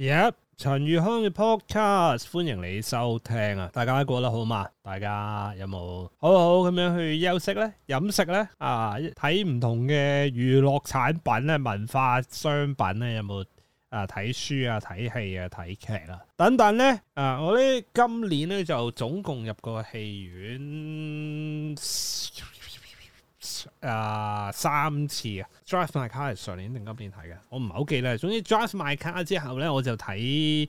Yep，陳如康嘅 podcast，歡迎你收聽啊！大家過得好嘛？大家有冇好好咁樣去休息咧、飲食咧啊？睇唔同嘅娛樂產品咧、文化商品咧，有冇啊？睇書啊、睇戲啊、睇劇啊等等咧啊！我呢今年咧就總共入過戲院。啊、呃、三次啊，Drive My Car 係上年定今年睇嘅，我唔係好記得。總之 Drive My Car 之後咧，我就睇，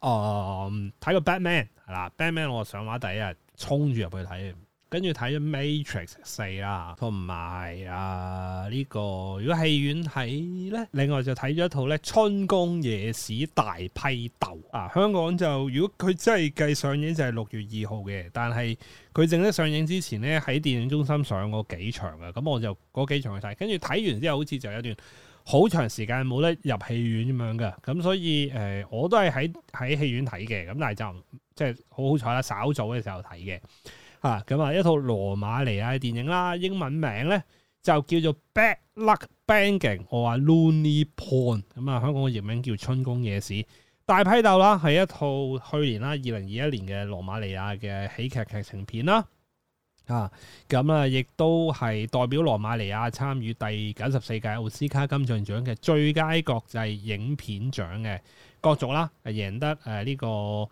哦、呃，睇個 Batman 係啦，Batman 我上畫第一日衝住入去睇。跟住睇咗《Matrix 四、啊》啦，這個，同埋啊呢個如果戲院睇咧，另外就睇咗一套咧《春宮野史大批鬥》啊。香港就如果佢真係計上映就係六月二號嘅，但係佢正式上映之前咧，喺電影中心上過幾場嘅。咁我就嗰幾場去睇，跟住睇完之後好似就有一段好長時間冇得入戲院咁樣嘅。咁所以誒、呃，我都係喺喺戲院睇嘅。咁但係就即係好好彩啦，稍早嘅時候睇嘅。嚇咁啊！一套羅馬尼亞電影啦，英文名咧就叫做《Bad Luck Banging》，我話《Looney Porn》咁啊，香港嘅譯名叫《春宮野史》。大批鬥啦，係一套去年啦，二零二一年嘅羅馬尼亞嘅喜劇劇情片啦。嚇咁啊，亦都係代表羅馬尼亞參與第九十四屆奧斯卡金像獎嘅最佳國際影片獎嘅角逐啦，贏得誒呢個誒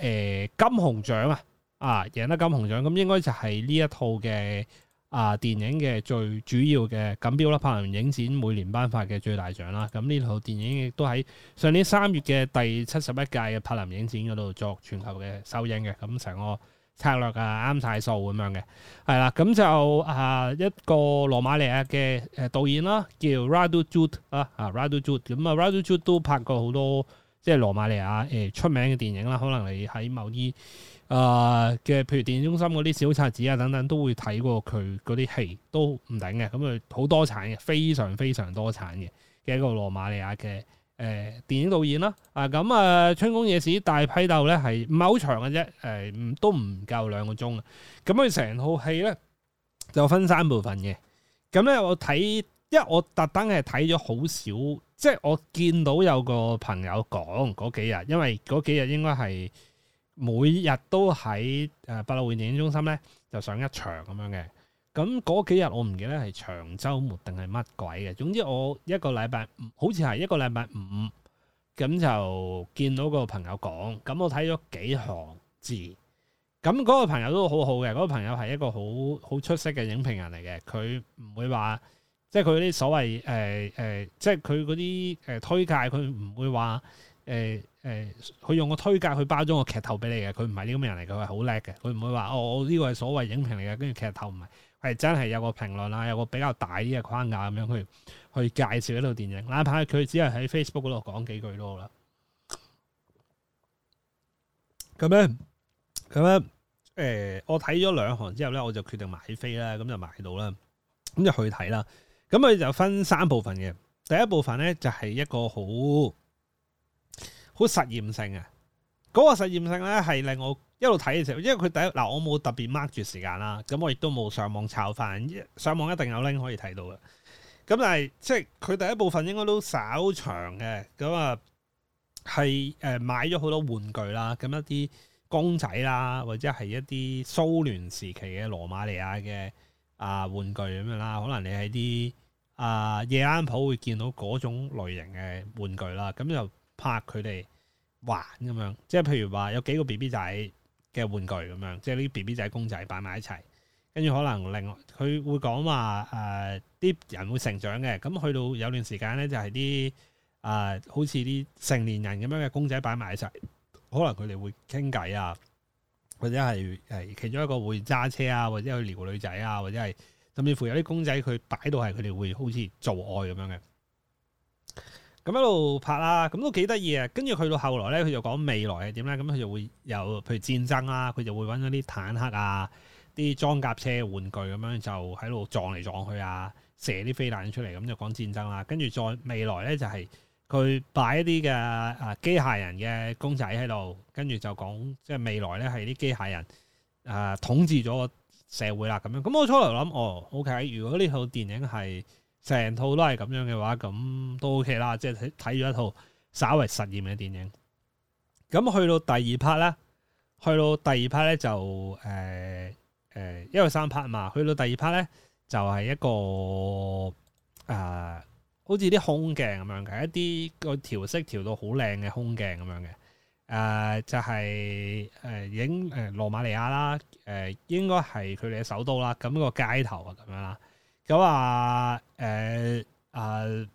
金熊獎啊！這個呃啊！贏得金熊獎咁應該就係呢一套嘅啊電影嘅最主要嘅錦標啦！柏林影展每年頒發嘅最大獎啦！咁、嗯、呢套電影亦都喺上年三月嘅第七十一屆嘅柏林影展嗰度作全球嘅收影嘅。咁成個策略啊啱曬數咁樣嘅，係啦。咁、yeah, 就啊一個羅馬尼亞嘅誒導演啦，叫 Radu Jude 啊，啊 Radu Jude 咁啊 Radu Jude 都拍過好多。嗯即係羅馬尼亞誒出名嘅電影啦，可能你喺某啲誒嘅譬如電影中心嗰啲小冊子啊等等都會睇過佢嗰啲戲都唔頂嘅，咁佢好多產嘅，非常非常多產嘅嘅一個羅馬尼亞嘅誒、呃、電影導演啦。啊咁啊，《春宮野史》大批鬥咧係唔係好長嘅啫？誒、嗯，都唔夠兩個鐘啊。咁佢成套戲咧就分三部分嘅。咁、嗯、咧我睇。因為我特登係睇咗好少，即係我見到有個朋友講嗰幾日，因為嗰幾日應該係每日都喺誒百老匯電影中心咧，就上一場咁樣嘅。咁嗰幾日我唔記得係長周末定係乜鬼嘅，總之我一個禮拜，好似係一個禮拜五，咁就見到個朋友講。咁我睇咗幾行字，咁嗰個朋友都好好嘅，嗰個朋友係一個好好出色嘅影評人嚟嘅，佢唔會話。即係佢嗰啲所謂誒誒、呃，即係佢嗰啲誒推介，佢唔會話誒誒，佢、呃呃、用個推介去包裝個劇透俾你嘅。佢唔係呢咁嘅人嚟，佢係好叻嘅。佢唔會話哦，我呢個係所謂影評嚟嘅，跟住劇透唔係係真係有個評論呀，有個比較大啲嘅框架咁樣去去，去介紹呢套電影。哪怕佢只係喺 Facebook 嗰度講幾句都好啦。咁咧，咁咧誒，我睇咗兩行之後咧，我就決定買飛啦，咁就買到啦，咁就去睇啦。咁佢就分三部分嘅，第一部分咧就係一個好好實驗性啊，嗰個實驗性咧係令我一路睇嘅時候，因為佢第一嗱，啊、我冇特別 mark 住時間啦，咁我亦都冇上網抄翻，上網一定有 link 可以睇到嘅。咁但係即係佢第一部分應該都稍長嘅，咁啊係誒買咗好多玩具啦，咁一啲公仔啦，或者係一啲蘇聯時期嘅羅馬尼亞嘅。啊，玩具咁樣啦，可能你喺啲啊夜間鋪會見到嗰種類型嘅玩具啦，咁就拍佢哋玩咁樣，即係譬如話有幾個 BB 仔嘅玩具咁樣，即係啲 BB 仔公仔擺埋一齊，跟住可能另外佢會講話誒啲人會成長嘅，咁去到有段時間咧就係啲啊好似啲成年人咁樣嘅公仔擺埋一齊，可能佢哋會傾偈啊。或者係係其中一個會揸車啊，或者去撩女仔啊，或者係甚至乎有啲公仔佢擺到係佢哋會好似做愛咁樣嘅。咁一路拍啦，咁都幾得意啊。跟住去到後來咧，佢就講未來係點咧？咁佢就會有譬如戰爭啦、啊，佢就會揾咗啲坦克啊、啲裝甲車玩具咁樣就喺度撞嚟撞去啊，射啲飛彈出嚟，咁就講戰爭啦、啊。跟住再未來咧就係、是。佢擺一啲嘅啊機械人嘅公仔喺度，跟住就講，即係未來咧係啲機械人啊統治咗個社會啦咁樣。咁我初頭諗，哦，OK，如果呢套電影係成套都係咁樣嘅話，咁都 OK 啦。即係睇睇咗一套稍為實驗嘅電影。咁去到第二 part 咧，去到第二 part 咧就誒誒、呃呃，因為三 part 嘛，去到第二 part 咧就係、是、一個啊。呃好似啲空鏡咁樣嘅，一啲個調色調到好靚嘅空鏡咁樣嘅，誒、呃，就係誒影誒羅馬尼亞啦，誒、呃，應該係佢哋嘅首都啦，咁、嗯、個街頭啊咁樣啦，咁、嗯、啊，誒、呃、啊，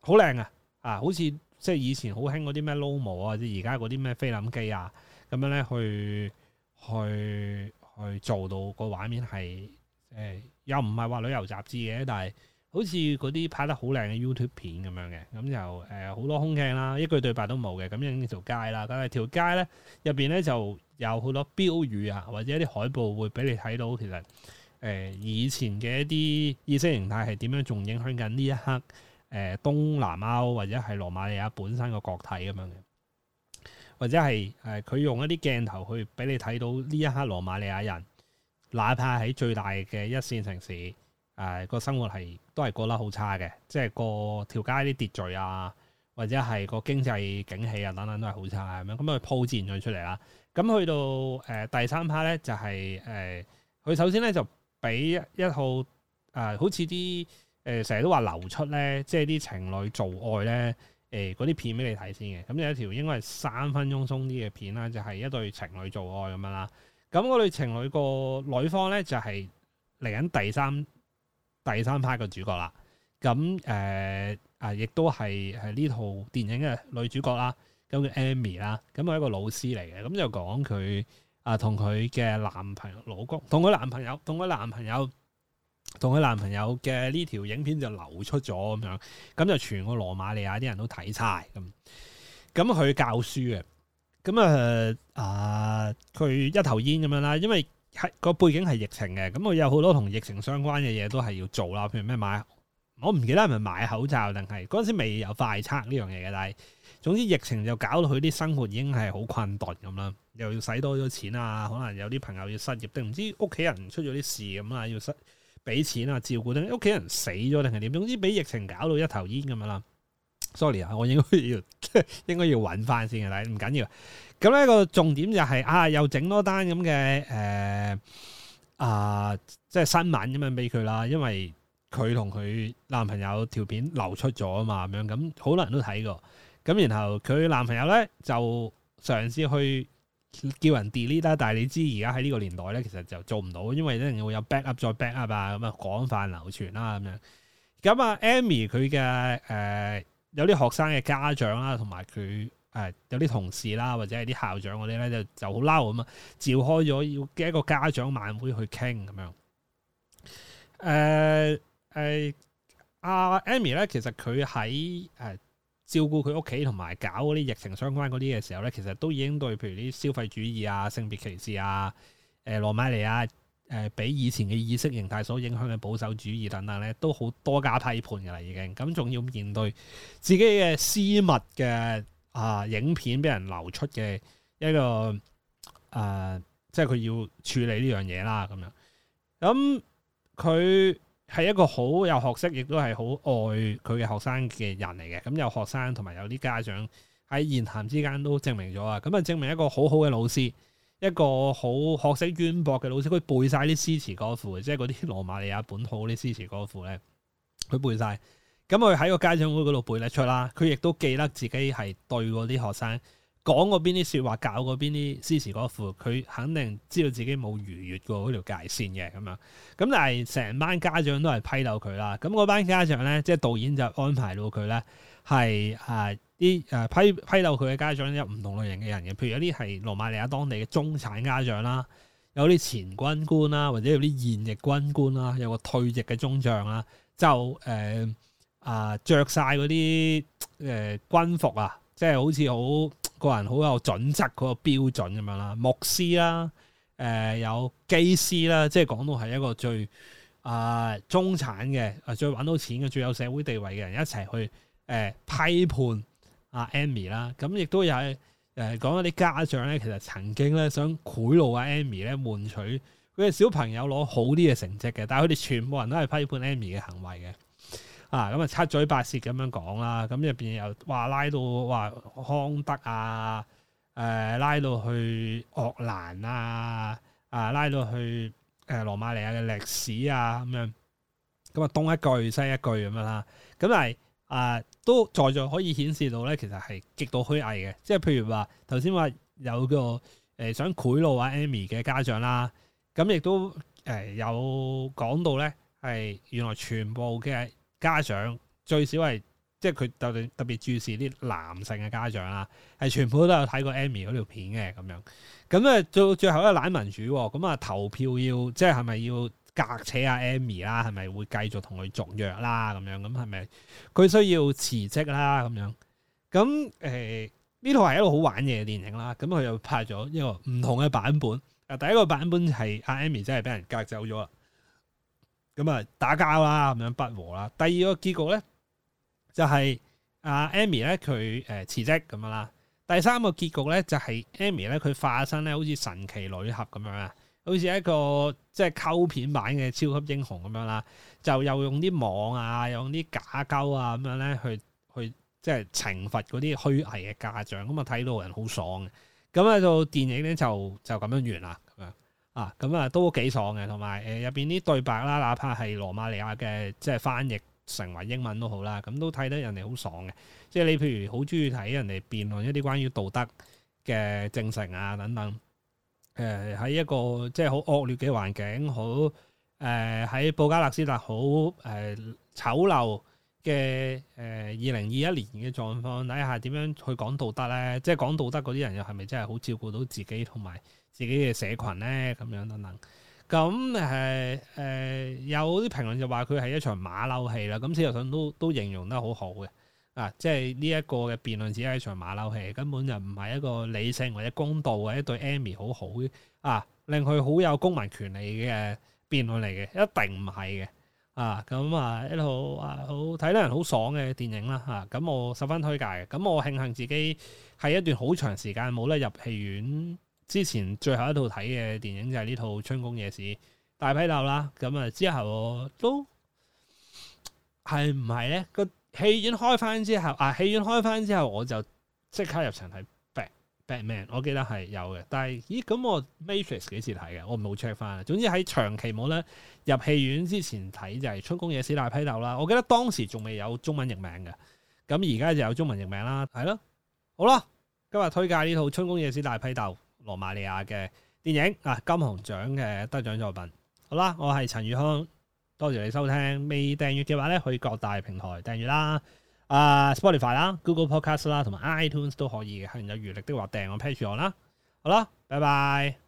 好靚啊，啊，好似即係以前好興嗰啲咩 LOMO 啊，或者而家嗰啲咩菲林機啊，咁樣咧去去去做到個畫面係誒、呃，又唔係話旅遊雜誌嘅，但係。好似嗰啲拍得好靚嘅 YouTube 片咁樣嘅，咁就誒好、呃、多空鏡啦，一句對白都冇嘅，咁樣一條街啦。但係條街咧入邊咧就有好多標語啊，或者一啲海報會俾你睇到，其實誒、呃、以前嘅一啲意識形態係點樣，仲影響緊呢一刻誒、呃、東南歐或者係羅馬尼亞本身個國體咁樣嘅，或者係誒佢用一啲鏡頭去俾你睇到呢一刻羅馬尼亞人，哪怕喺最大嘅一線城市。誒個、呃、生活係都係過得好差嘅，即係個條街啲秩序啊，或者係個經濟景氣啊，等等都係好差咁樣。咁佢鋪墊咗出嚟啦。咁去到誒、呃、第三 part 咧，就係誒佢首先咧就俾一套誒、呃，好似啲誒成日都話流出咧，即係啲情侶做愛咧，誒嗰啲片俾你睇先嘅。咁有一條應該係三分鐘鬆啲嘅片啦，就係、是、一對情侶做愛咁樣啦。咁嗰對情侶個女方咧就係嚟緊第三。第三派嘅主角啦，咁誒啊，亦都係係呢套電影嘅女主角啦，咁叫 Amy 啦，咁佢一個老師嚟嘅，咁就講佢啊同佢嘅男朋友老公，同佢男朋友，同佢男朋友，同佢男朋友嘅呢條影片就流出咗咁樣，咁就全個羅馬尼亞啲人都睇晒。咁，咁佢教書嘅，咁、呃、啊啊佢一頭煙咁樣啦，因為。係個背景係疫情嘅，咁我有好多同疫情相關嘅嘢都係要做啦，譬如咩買，我唔記得係咪買口罩定係嗰陣時未有快測呢樣嘢嘅，但係總之疫情就搞到佢啲生活已經係好困頓咁啦，又要使多咗錢啊，可能有啲朋友要失業定唔知屋企人出咗啲事咁啊，要失俾錢啊照顧定屋企人死咗定係點，總之俾疫情搞到一頭煙咁啦。Sorry 啊，我應該要 應該要揾翻先嘅，但係唔緊要。咁、那、咧個重點就係、是、啊，又整多單咁嘅誒啊，即係新聞咁樣俾佢啦，因為佢同佢男朋友條片流出咗啊嘛，咁樣咁好多人都睇過。咁然後佢男朋友咧就嘗試去叫人 delete 啦，但係你知而家喺呢個年代咧，其實就做唔到，因為一定會有 backup 再 backup 啊，咁啊廣泛流傳啦咁樣。咁啊 Amy 佢嘅誒。呃有啲學生嘅家長啦，同埋佢誒有啲同事啦，或者係啲校長嗰啲咧，就就好嬲啊嘛！召開咗要嘅一個家長晚會去傾咁樣。誒、呃、誒，阿、呃、Amy 咧，其實佢喺誒照顧佢屋企同埋搞嗰啲疫情相關嗰啲嘅時候咧，其實都已經對譬如啲消費主義啊、性別歧視啊、誒羅馬尼亞。誒、呃，比以前嘅意識形態所影響嘅保守主義等等咧，都好多加批判㗎啦，已經咁，仲要面對自己嘅私密嘅啊、呃、影片俾人流出嘅一個誒、呃，即係佢要處理呢樣嘢啦，咁樣。咁佢係一個好有學識，亦都係好愛佢嘅學生嘅人嚟嘅。咁、嗯、有學生同埋有啲家長喺言談之間都證明咗啊，咁啊證明一個好好嘅老師。一個好學識淵博嘅老師，佢背晒啲詩詞歌賦，即係嗰啲羅馬尼亞本土啲詩詞歌賦咧，佢背晒。咁佢喺個家長會嗰度背得出啦，佢亦都記得自己係對嗰啲學生講過邊啲說話，搞過邊啲詩詞歌賦，佢肯定知道自己冇逾越過嗰條界線嘅，咁樣。咁但係成班家長都係批鬥佢啦。咁嗰班家長咧，即係導演就安排到佢咧。係啊！啲誒、呃、批批鬥佢嘅家長有唔同類型嘅人嘅，譬如有啲係羅馬尼亞當地嘅中產家長啦，有啲前軍官啦，或者有啲現役軍官啦，有個退役嘅中將啦，就誒啊著曬嗰啲誒軍服啊，即係好似好個人好有準則嗰個標準咁樣啦。牧師啦，誒、呃、有機師啦，即係講到係一個最啊、呃、中產嘅，最揾到錢嘅，最有社會地位嘅人一齊去。誒、呃，批判阿 Amy 啦，咁、啊、亦、啊、都有誒講、呃、一啲家長咧，其實曾經咧想賄賂阿 Amy 咧換取佢哋小朋友攞好啲嘅成績嘅，但係佢哋全部人都係批判 Amy 嘅行為嘅，啊，咁、嗯、啊，七嘴八舌咁樣講啦，咁入邊又話拉到話康德啊，誒，拉到去諾蘭啊，啊，拉到去誒羅、啊啊呃、馬尼亞嘅歷史啊，咁樣，咁啊東一句西一句咁樣啦，咁但係啊。啊啊啊都在座可以顯示到咧，其實係極度虛偽嘅。即係譬如話，頭先話有個誒、呃、想賄賂啊 Amy 嘅家長啦，咁亦都誒有講到咧，係原來全部嘅家長最少係即係佢特別特別注視啲男性嘅家長啦，係全部都有睇過 Amy 嗰條片嘅咁樣。咁誒到最後一個懶民主，咁、哦、啊投票要即係係咪要？隔扯阿 Amy 啦，係咪會繼續同佢續約啦？咁樣咁係咪佢需要辭職啦？咁樣咁誒，呢套係一個好玩嘅電影啦。咁佢又拍咗一個唔同嘅版本。啊，第一個版本係阿 Amy 真係俾人隔走咗啦。咁啊，打交啦，咁樣不和啦。第二個結局咧就係、是、阿 Amy 咧，佢誒辭職咁樣啦。第三個結局咧就係、是、Amy 咧，佢化身咧好似神奇女俠咁樣啊。好似一個即係溝片版嘅超級英雄咁樣啦，就又用啲網啊，又用啲假膠啊咁樣咧，去去即係懲罰嗰啲虛偽嘅家長，咁啊睇到人好爽嘅。咁啊做電影咧就就咁樣完啦，咁樣啊，咁啊都幾爽嘅。同埋誒入邊啲對白啦，哪怕係羅馬尼亞嘅即係翻譯成為英文都好啦，咁都睇得人哋好爽嘅。即係你譬如好中意睇人哋辯論一啲關於道德嘅正誠啊等等。誒喺、呃、一個即係好惡劣嘅環境，好誒喺布加勒斯特好誒醜陋嘅誒二零二一年嘅狀況，睇下點樣去講道德咧？即係講道德嗰啲人又係咪真係好照顧到自己同埋自己嘅社群咧？咁樣等等，咁係誒有啲評論就話佢係一場馬騮戲啦。咁事實上都都形容得好好嘅。啊！即係呢一個嘅辯論只係一場馬騮戲，根本就唔係一個理性或者公道或者對 Amy 好好啊，令佢好有公民權利嘅辯論嚟嘅，一定唔係嘅啊！咁、嗯、啊，一套啊，好睇得人好爽嘅電影啦嚇！咁、啊嗯、我十分推介嘅。咁、嗯、我慶幸自己係一段好長時間冇得入戲院之前，最後一套睇嘅電影就係、是、呢套《春宮野史大批鬥》啦。咁、嗯、啊，之後都係唔係咧？是戲院開翻之後，啊戲院開翻之後，我就即刻入場睇《Bat Batman》，我記得係有嘅。但係，咦咁我《Matrix》幾時睇嘅？我冇 check 翻。總之喺長期冇咧入戲院之前睇就係《春宮野史大批鬥》啦。我記得當時仲未有中文譯名嘅，咁而家就有中文譯名啦。係咯，好啦，今日推介呢套《春宮野史大批鬥》羅馬尼亞嘅電影啊，金熊獎嘅得獎作品。好啦，我係陳宇康。多謝你收聽，未訂閱嘅話咧，可以各大平台訂閱啦，啊、呃、Spotify 啦、Google Podcast 啦，同埋 iTunes 都可以。係有餘力的話，訂我 Patreon 啦。好啦，拜拜。